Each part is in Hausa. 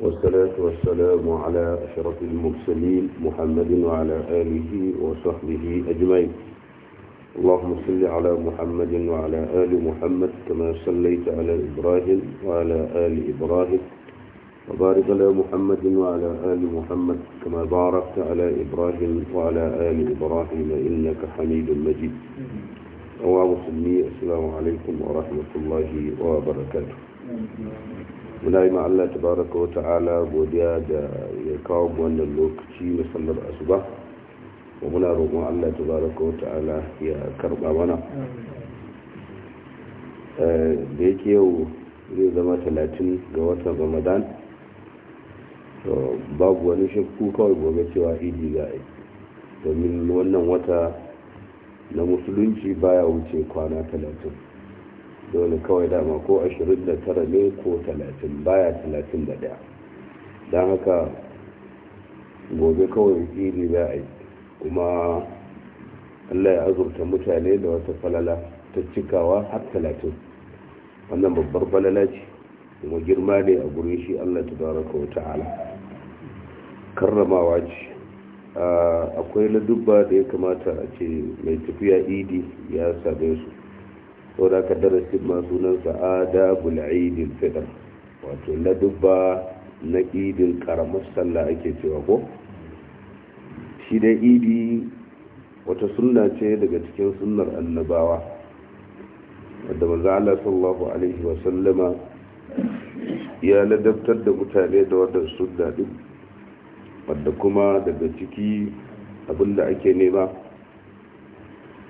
والصلاة والسلام على أشرف المرسلين محمد وعلى آله وصحبه أجمعين اللهم صل على محمد وعلى آل محمد كما صليت على إبراهيم وعلى آل إبراهيم وبارك على محمد وعلى آل محمد كما باركت على إبراهيم وعلى آل إبراهيم إنك حميد مجيد أوعى مسلمي السلام عليكم ورحمة الله وبركاته muna yi Allah ta baraka wa ta'ala godiya da ya kawo wannan lokaci musamman asuba wa muna roƙon Allah ta baraka wa ta'ala ya karɓa mana eh, da yake yau zai zama talatin ga watan ramadan babu wani shakku kawai gobe cewa idi za a domin wannan wata na musulunci baya wuce kwana talatin dole kawai dama ko ashirin da tara ne ko 30 baya 31 don haka gobe kawai iri za a yi kuma allah ya azurta mutane da wata falala ta cikawa har talatin. wannan babbar falala ce kuma girma ne a gurin shi allah ta baraka wa ta'ala karramawa ce ah, akwai ladubba da ya kamata a ce mai tafiya idi ya sabe su saboda ka darasin ma sunansa adabul idil fitr wato dubba na idin karamar sallah ake cewa ko shi dai idi wata sunna ce daga cikin sunnar annabawa wadda manzo Allah sallallahu alaihi wa sallama ya ladabtar da mutane da wannan sunna din wadda kuma daga ciki abinda ake nema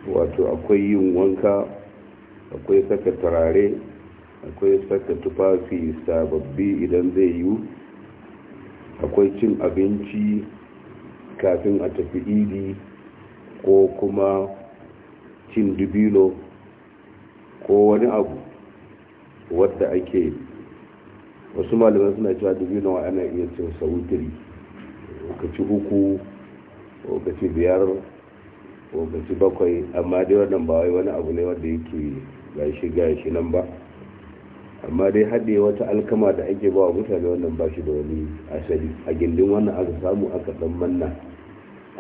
wato akwai yin wanka akwai saka turare akwai saka tufafi sababbi idan zai yiwu akwai cin abinci kafin a tafi idi ko kuma cin dubilo ko wani abu wadda ake wasu malaman suna cewa dubilo ana iya cin sautiri lokaci uku lokaci biyar lokaci bakwai amma dai wannan ba wani abu ne wanda yake gashi gashi nan ba amma dai haɗe wata alkama da ake ba wa mutane wannan ba shi da wani asali a gindin wannan aka samu aka ɗan manna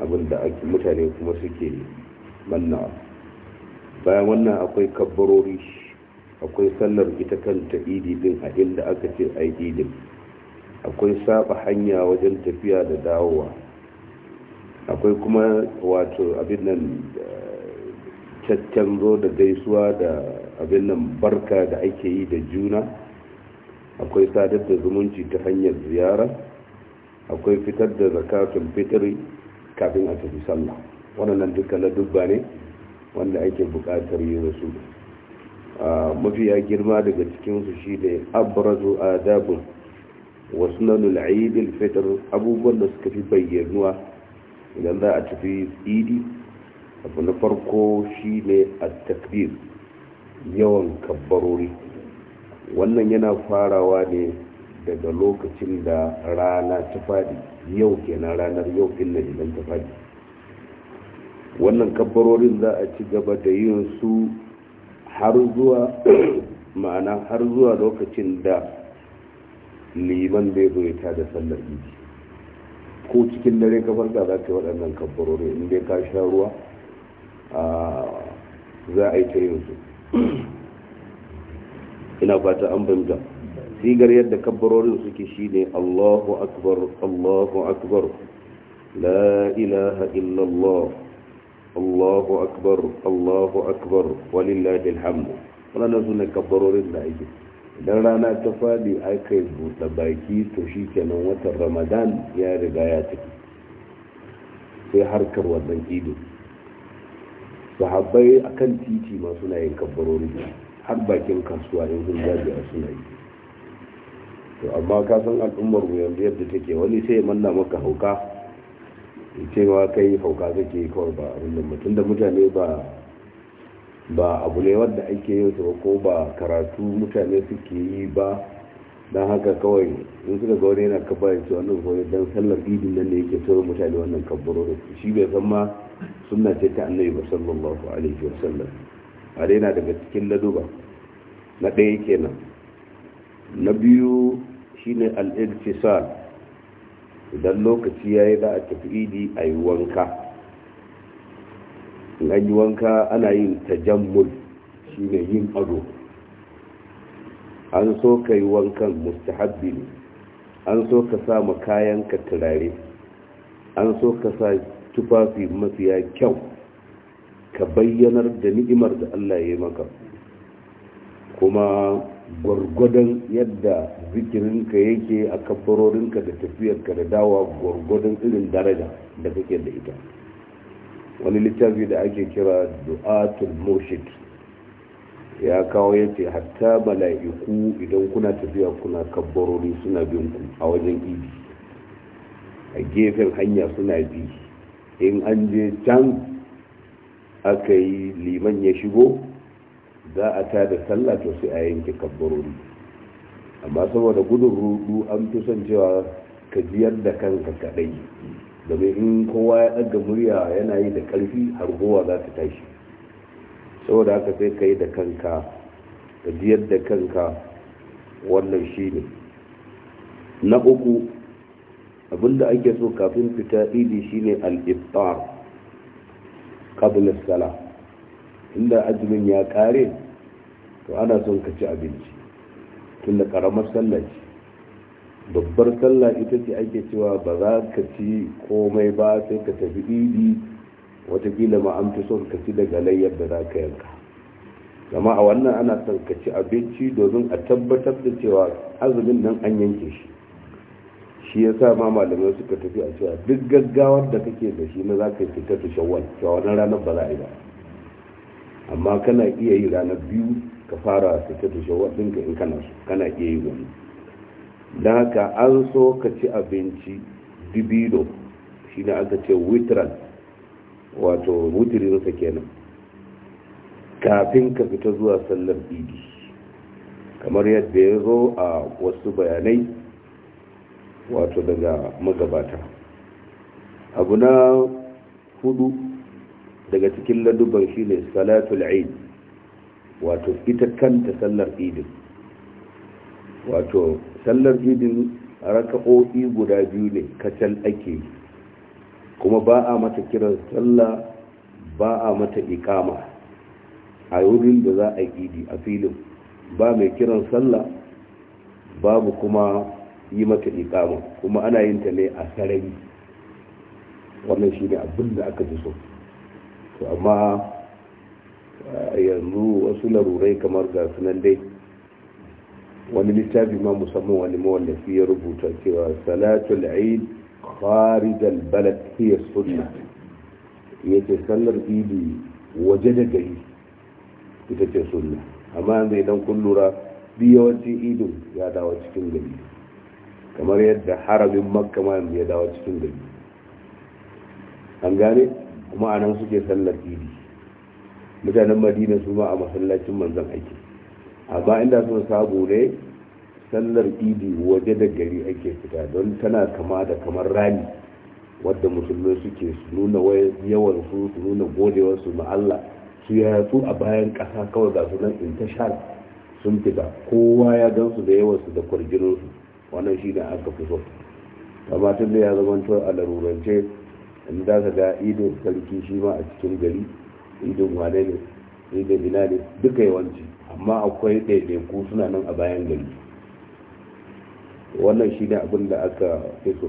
abin da mutane kuma suke manna bayan wannan akwai kabbarori akwai sallar ita kanta idi din a inda aka ce a idin akwai saba hanya wajen tafiya da dawowa akwai kuma wato abin nan zo da gaisuwa da abin nan barka da ake yi da juna akwai sadar da zumunci ta hanyar ziyara akwai fitar da zakatun fitri kafin a tafi sallah waɗannan duka na dubba ne wanda ake bukatar yi da su mafiya girma daga cikinsu shi ne abrazu adabun wasu nanul aidil fitar abubuwan da suka fi bayyanuwa idan za a tafi idi abu na farko shi ne a takbir yawan kabbarori wannan yana farawa ne daga lokacin da rana ta fadi yau kenan ranar yau inna idan ta fadi wannan kabbarorin za a ci gaba da yin su har zuwa ma'ana har zuwa lokacin da liman bai zo da sallar ko cikin dare kafar da za ka yi waɗannan kabbarorin in dai ka sha ruwa za a yi ta yin ina fata an banta sigar yadda kabbarorin suke shine Allahu akbar Allahu akbar la ilaha illallah Allahu akbar Allahu akbar walillahi alhamdu su ne kabbarorin da ake idan rana ta fadi aka yi buɗe baki to shi kenan watan ramadan ya riga ya tafi sai harkar wannan idin sahabbai a kan titi ma suna yin kafarori har bakin kasuwa in sun zaɓi a suna yi to amma ka san al'ummar mu yanzu yadda take wani sai manna maka hauka in ce kai hauka kake kawai ba abin da mutum da mutane ba ba abu ne wanda ake yin ko ba karatu mutane suke yi ba don haka kawai in suka ga wani yana kaba ya ce wannan kawai don sallar idin nan da yake tsoron mutane wannan kabbaro shi bai san ma suna ce ta annabi ba sallallahu alaihi wa sallam a daina daga cikin laduba na ɗaya kenan na biyu shine al idan lokaci yayi za a tafi idi a yi wanka in yi wanka ana yin tajammul shine yin ado an so ka yi wankan mustahabbi ne an so ka sa kayan ka turare an so ka sa tufafi mafiya kyau ka bayyanar da ni'imar da Allah ya maka kuma gwargwadon yadda zikirinka yake a kafarorinka da tafiyarka da dawa gwargwadon irin daraja da kake da ita wani littafi da ake kira du'atul murshid ya kawo ya ce hatta mala'iku idan kuna tafiya kuna kabbarori suna bin ku a wajen idi a gefen hanya suna bi in an je can aka yi liman ya shigo za a ta da sallah to sai a yanke kabbarori amma saboda gudun rudu an fi son cewa ka jiyar da kanka kadai domin in kowa ya ɗaga murya yana yi da ƙarfi har gowa za ta tashi saboda haka sai ka yi da kanka ka jiyar da kanka wannan shi ne na uku abinda ake so kafin fita idi shine ne iftar qabla inda azumin ya ƙare to ana son ka ci abinci tunda karamar sallah ce babbar sallah ita ce ake cewa ba za ka ci komai ba sai ka tafi idi watakila ma an fi son ka ci daga layyar da za ka yanka zama a wannan ana son ka ci abinci domin a tabbatar da cewa azumin nan an yanke shi shi ya sa ma malamai suka tafi a cewa duk gaggawar da kake da shi na za ka yi fitar da shawwal ranar ba za a yi ba amma kana iya yi ranar biyu ka fara fita ta shawwal ɗinka in kana so kana iya yi wani don haka an so ka ci abinci dibido shi ne aka ce witrans wato rusa kenan kafin ka fita zuwa sallar idi kamar yadda ya zo a wasu bayanai wato daga magabata abu na hudu daga cikin laduban shine salatul aid wato ita kanta sallar idin wato sallar idin raka'o'i guda biyu ne kacal ake yi kuma ba a mata kiran sallah ba a mata ikama a wurin da za a gidi a filin ba mai kiran sallah babu kuma yi mata ikama kuma ana yin ta ne a sarari wannan shi ne abin da aka ji so to amma eh, yanzu wasu larurai kamar ga sunan dai wani littafi ma musamman wani mawallafi ya rubuta cewa salatul aid خارج البلد هي السنة يتسلر إيدي وجد جاي يتسلر سنة أما أن إذن كل را بيوانتي إيدو يا دعوة كن جهي كما يد حرم مكة ما يا دعوة جاي أنجاني كما أنا سجي سلر إيدي idi mutanen madina su ma a masallacin manzan aiki amma inda sun sabo ne sallar idi waje da gari ake fita don tana kama da kamar rani wadda musulmai suke su nuna yawan su su nuna godewar su ma Allah su ya yatsu a bayan ƙasa kawai ga sunan intashar sun fita kowa ya gan su da yawan su da kwarginin su wannan shi da aka fi so amma tun da ya zama to a larurance in za ka ga idin sarki shi ma a cikin gari idin wane ne idin ina ne duka yawanci amma akwai ɗaiɗaiku suna nan a bayan gari wannan shi ne abin da aka fi so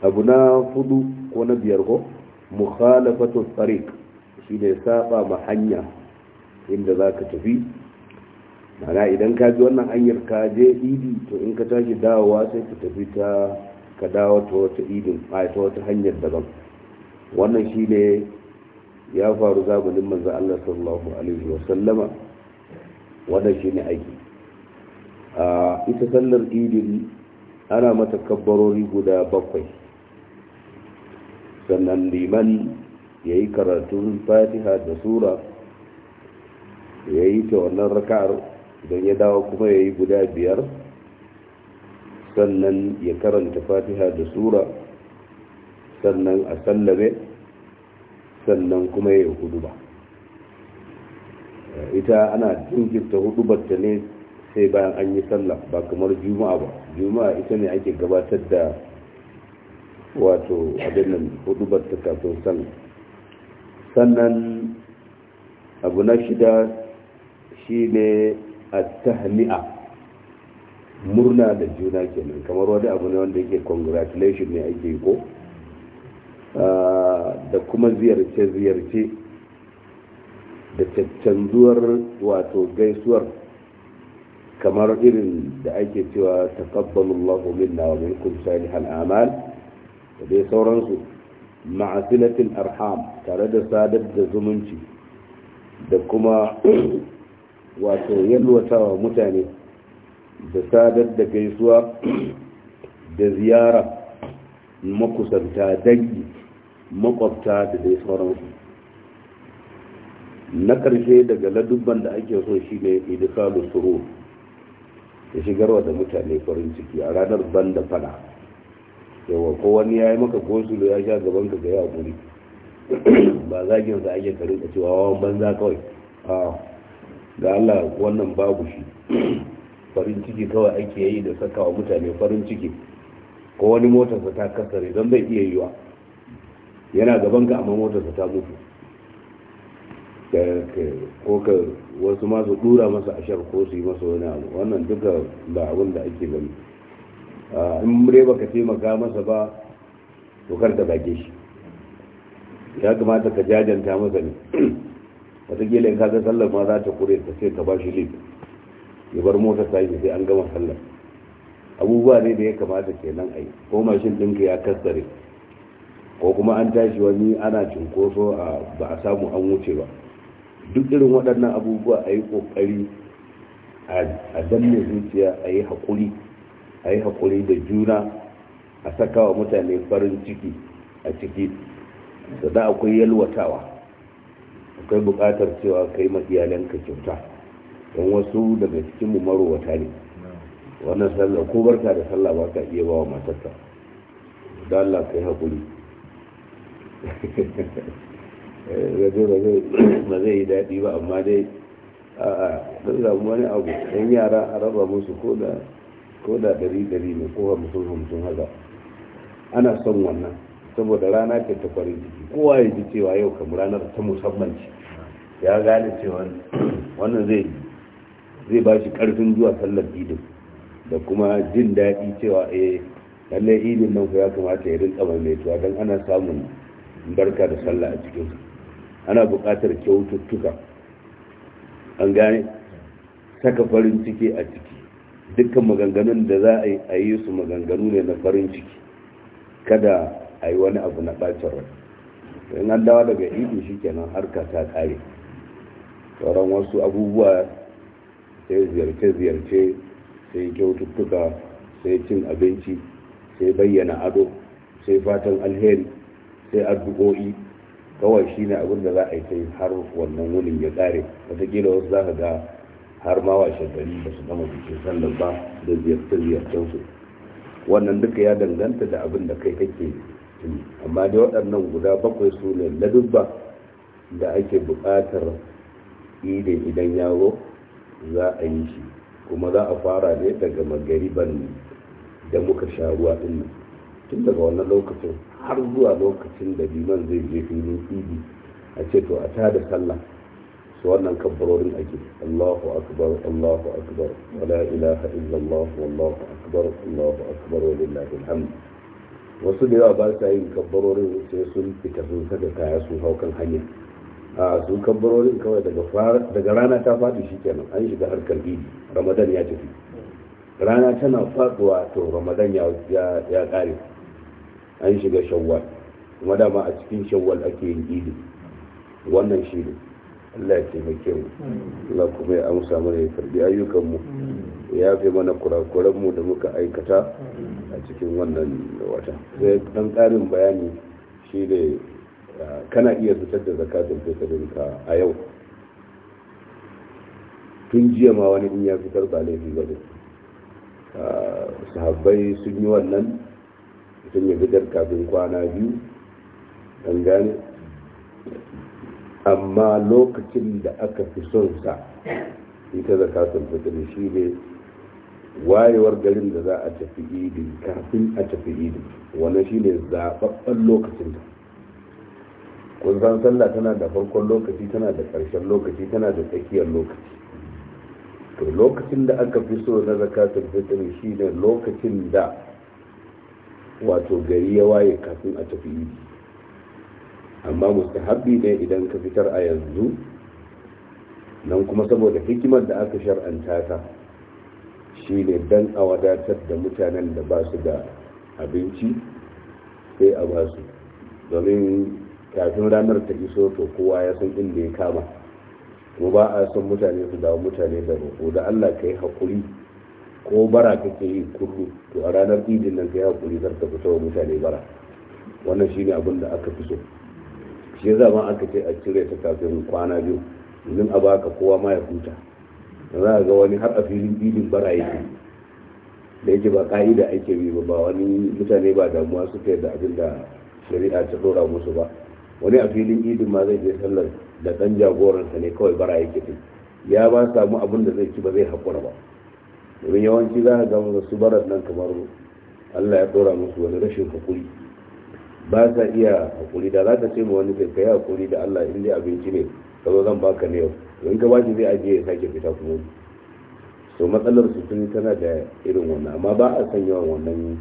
abu na fudu ko na biyar ko mukhalafatu tsarik shi ne saba ma hanya inda za ka tafi mana idan ka bi wannan hanyar ka je idi to in ka tashi dawowa sai ka tafi ta ka dawo ta wata idin a ta wata hanyar daban wannan shi ne ya faru zamanin manzan Allah sallallahu alaihi wa wannan shi ne aiki a ita sallar idin ana mata kabbarori guda bakwai sannan liman ya yi karatun fatiha da sura ya yi ta wannan raka'ar don ya dawo kuma ya yi guda biyar sannan ya karanta fatiha da sura sannan a sallabe, sannan kuma ya yi hudu ita ana jinkirta hudu ne sai bayan an yi sallah ba kamar juma'a ba juma'a ita ne ake gabatar da wato abin nan hudubar ta kafin sallah sannan abu na shida shi ne a tahni'a murna da juna kenan kamar wani abu ne wanda yake congratulation ne ake ko ah, da kuma ziyarce-ziyarce da cancanzuwar wato gaisuwar kamar irin da ake cewa taqabbalullahu minna wa minkum salihal a'mal da dai sauransu ma'asilatil arham tare da sadar da zumunci da kuma wato yalwatawa mutane da sadar da gaisuwa da ziyara makusanta dangi makwabta da dai sauransu na ƙarshe daga ladubban da ake so shi ne idikalu surur ya shigarwa da mutane farin ciki a ranar ban da fada yawon ko ya yi maka gosulo, ya sha gaban ka ga yawon guri ba zagin yanzu ake karin ka cewa wawan banza kawai a ga Allah wannan babu shi farin ciki kawai ake yi da saka wa mutane farin ciki ko wani motarsa ta kasare don bai iya yiwa yana gaban ka amma motarsa ta mutu ko ka wasu masu dura masa ashar ko su yi masa wani abu wannan duka ba abin da ake gani in dai baka taimaka masa ba to kar ka zage shi ya kamata ka jajanta masa ne wataƙila in ka ga sallar ma za ta kure ka sai ka ba shi ya bar mota ta yi sai an gama sallar abubuwa ne da ya kamata kenan a yi ko mashin ɗinka ya kassare ko kuma an tashi wani ana cinkoso a ba a samu an wuce ba duk irin waɗannan abubuwa a yi ƙoƙari a danne zuciya a yi haƙuri a yi haƙuri da juna a saka wa mutane farin ciki a ciki da za akwai yalwatawa akwai buƙatar cewa kai iyalanka kyauta don wasu daga cikin cikinmu wata ne wannan sallah ko barka da sallah ba ka iya ba wa matarka don allah kai haƙuri gaje eh, ba zai yi daɗi ba amma dai a ɗan zamu wani abu ɗan yara a raba musu ko da ɗari ɗari ne ko hamsin hamsin haza ana son wannan saboda rana ce ta kwarin jiki kowa ya ji cewa yau kamar ranar ta musamman ce ya gane cewa wannan zai zai ba shi ƙarfin zuwa sallar idin da kuma jin daɗi cewa eh lallai idin nan ku ya kamata ya rinka mai mai tuwa don ana samun barka da sallah a cikinsu ana buƙatar kyaututtuka an gane saka farin ciki a ciki dukkan maganganun da za a yi su maganganu ne na farin ciki kada a yi wani abu na ɓacin rai in an dawa daga ido shi kenan harka ta ƙare sauran wasu abubuwa sai ziyarce-ziyarce sai kyaututtuka sai cin abinci sai bayyana ado sai fatan alheri sai addu'o'i kawai shine abin da za a yi ta har wannan wunin ya tsare watakila wasu za ka ga har ma washe gari ba su gama bikin sallar ba da ziyarce-ziyarcensu wannan duka ya danganta da abin da kai kake tuni amma dai waɗannan guda bakwai su ne ladubba da ake buƙatar idin idan yawo za a yi shi kuma za a fara ne daga magariban da muka sha ruwa ɗin tun daga wannan lokacin har zuwa lokacin da liman zai je filin tibi a ce to a tada sallah su wannan kabbarorin ake Allahu akbar Allahu akbar wa la ilaha illallah wallahu akbar Allahu akbar wa lillahi alhamd wasu da yawa ba sa yin kabbarorin sai sun fita sun saka kaya sun hau kan hanya a su kabbarorin kawai daga daga rana ta faɗi shikenan an shiga harkar idi ramadan ya tafi rana tana faduwa to ramadan ya ya kare an shiga shawwal kuma dama a cikin shawwal ake yin idi wannan shi ne Allah ya taimake mu Allah kuma ya amsa mana ya karbi ayyukan mu ya fi mana kurakuran mu da muka aikata a cikin wannan wata sai dan karin bayani shi ne kana iya fitar da zakatul ka a yau tun jiya ma wani in ya fitar ba laifi ba ne sahabbai sun yi wannan mutum ya fitar kafin kwana biyu an gane amma lokacin da aka fi son sa ita zakatul fitar shi ne wayewar garin da za a tafi idi kafin a tafi idi wannan shi ne zaɓaɓɓen lokacin da kun san sallah tana da farkon lokaci tana da ƙarshen lokaci tana da tsakiyar lokaci to lokacin da aka fi so na zakatul fitr shi ne lokacin da wato gari ya waye kafin a tafi yi amma mustahabbi ne idan ka fitar a yanzu nan kuma saboda hikimar da aka shar'anta ta ne dan a wadatar da mutanen da ba su da abinci sai a ba su domin kafin ranar ta iso to kowa ya san inda ya kama kuma ba a son mutane su dawo mutane da roƙo da allah ka yi haƙuri ko bara kake yi kullu to a ranar idin nan ka yi hakuri zar ka fito wa mutane bara wannan shine abin da aka fi so shi ya zama aka ce a cire ta kafin kwana biyu domin a baka kowa ma ya huta za a ga wani har a filin idin bara yake da yake ba ka'ida ake bi ba wani mutane ba damuwa suka yadda abin da shari'a ta dora musu ba wani a filin idin ma zai je sallar da ɗan jagoransa ne kawai bara yake ya ba samu abin da zai ci ba zai haƙura ba domin yawanci za a gama su barar nan kamar allah ya ɗora musu wani rashin hakuri ba sa iya hakuri da za ka ce ma wani kai kai hakuri da allah in dai abinci ne ka zo zan baka ne yau in ka shi zai ajiye ya sake fita kuma so matsalar su tuni tana da irin wannan amma ba a san yawan wannan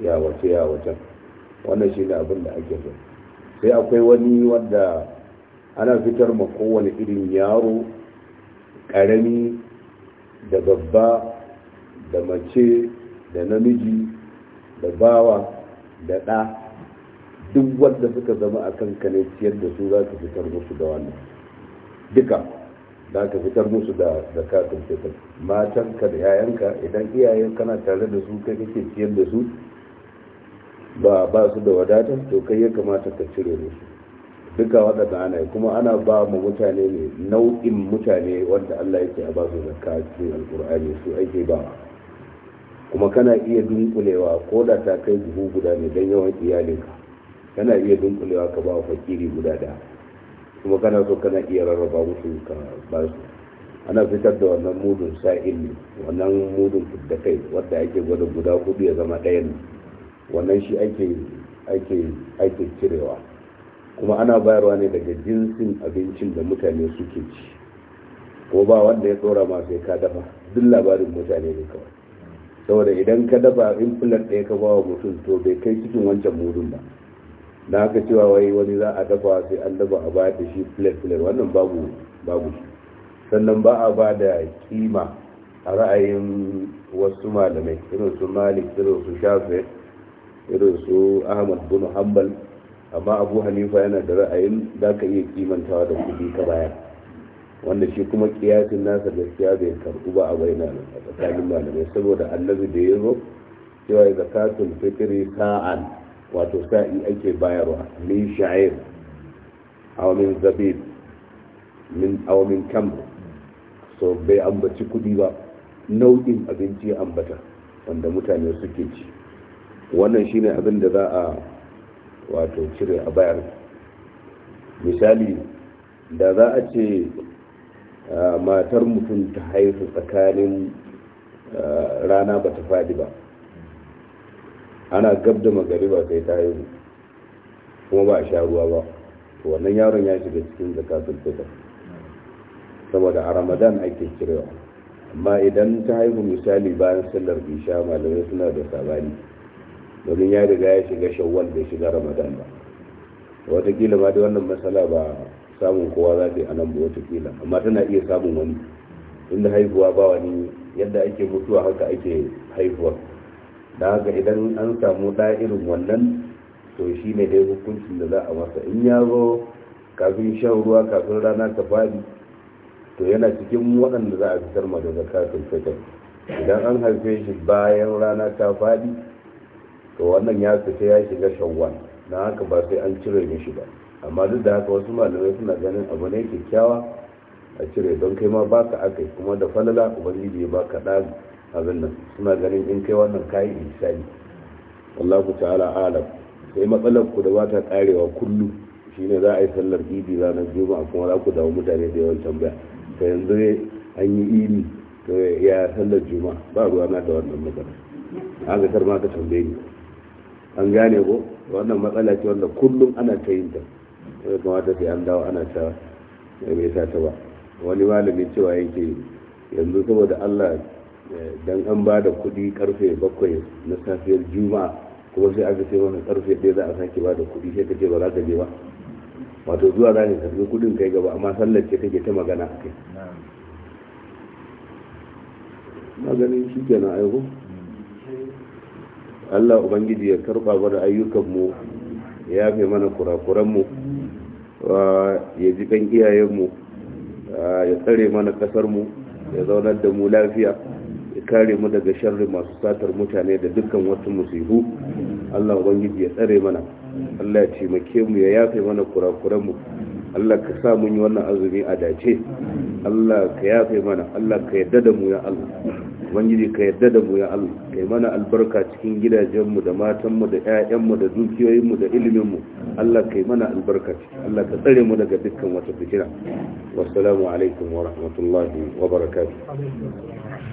ya wace ya wacan wannan shi ne abin da ake so sai akwai wani wanda ana fitar ma kowane irin yaro ƙarami da babba da mace da namiji da bawa da ɗa duk wanda suka zama a kanka ne ciyar da su za ka fitar musu da wannan duka za ka fitar musu da zakatun fitar matanka da yayanka idan iyayen kana tare da su kai kake ciyar da su ba ba su da wadatar to kai ya kamata ka cire musu duka waɗanda ana yi kuma ana ba mu mutane ne nau'in mutane wanda Allah yake a ba su zakka cikin alkur'ani su ake ba kuma kana iya dunkulewa ko da ta kai buhu guda ne don yawan iyalinka kana iya dunkulewa ka ba fakiri guda da kuma kana so kana iya rarraba musu ka ba su ana fitar da wannan mudun sa'in ne wannan mudun da kai wanda ake gwada guda hudu ya zama ɗayan wannan shi ake ake ake cirewa kuma ana bayarwa ne daga jinsin abincin da mutane suke ci ko ba wanda ya tsora ma sai ka dafa duk labarin mutane ne kawai saboda idan ka dafa in fulan ɗaya ka bawa mutum to bai kai cikin wancan mudun ba na haka cewa wai wani za a dafa sai an dafa a bayar da shi fulan fulan wannan babu babu sannan ba a ba da kima a ra'ayin wasu malamai irin su malik irin su shafi irin su ahmad bin hanbal amma abu hanifa yana da ra'ayin za ka iya kimantawa da kuɗi ka baya wanda shi kuma kiyasin nasa gaskiya bai karɓu ba a bai nan a tsakanin malamai saboda annabi da ya zo cewa ya zakatun fitri sa'an wato sa'i ake bayarwa min sha'ir aw min min aw min so bai ambaci kuɗi ba nau'in abinci ya ambata wanda mutane suke ci wannan shine abin da za a wato cire a bayar misali da za a ce matar mutum ta haifu tsakanin rana ba ta faɗi ba ana gab da ba sai ta haihu kuma ba a sha ruwa ba wannan yaron ya shiga cikin zakatul fitr saboda a ramadan ake cirewa amma idan ta haihu misali bayan sallar isha malamai suna da sabani domin ya riga ya shiga shawwal bai shiga ramadan ba watakila ma da wannan matsala ba samun kowa za ta yi a nan ba watakila amma tana iya samun wani inda haihuwa ba wani yadda ake mutuwa haka ake haihuwa da haka idan an samu ɗa irin wannan to shi ne dai hukuncin da za a masa in ya zo kafin shan ruwa kafin rana ta fadi to yana cikin waɗanda za a fitar ma da zakatun fitar idan an haife shi bayan rana ta fadi to wannan ya fita ya shiga shawwan na haka ba sai an cire mishi ba amma duk da haka wasu malamai suna ganin abu ne kyakkyawa a cire don kai ma ba ka aka kuma da falala ubangiji ya ba ka ɗan abin nan suna ganin in kai wannan kayi isani wallahu ta'ala alam sai matsalar ku da ba ta karewa kullu shine za a yi sallar idi ranar juma'a kuma za ku dawo mutane da yawan tambaya to yanzu an yi idi to ya sallar juma'a ba ruwa na da wannan magana a ga ma ka tambaye an gane ko wannan matsala ce wanda kullum ana ta yin ta wani kamata sai an dawo ana ta mai sa ta ba wani malamin cewa yake yanzu saboda allah eh, dan an ba da kudi karfe bakwai na safiyar juma'a kuma sai aka ce masa karfe ɗaya za a sake ba da kuɗi sai ka ce ba za ka je ba wato zuwa za ka karbi kudin kai gaba amma sallar ce kake ta magana a kai maganin shi kenan aiko Allah ubangiji ya karɓa mana ayyukanmu, ya yafe mana kurakuranmu, ya ji ɗan iyayenmu ya tsare mana ƙasarmu, ya zaunar da mu lafiya ya kare mu daga sharri masu satar mutane da dukkan wasu musibu Allah ubangiji ya tsare mana Allah ya taimake mu ya yafe mana kurakuranmu. Allah ka sa mun yi wannan azumi a dace Allah ka yafe mana Allah ka yadda da mu ya Allah ubangiji ka yadda da mu ya Allah kai mana albarka cikin gidajenmu da matanmu da ƴaƴanmu da dukiyoyinmu da iliminmu Allah kai mana albarka Allah ka tsare mu daga dukkan wata fitina wassalamu alaikum wa rahmatullahi wa barakatuh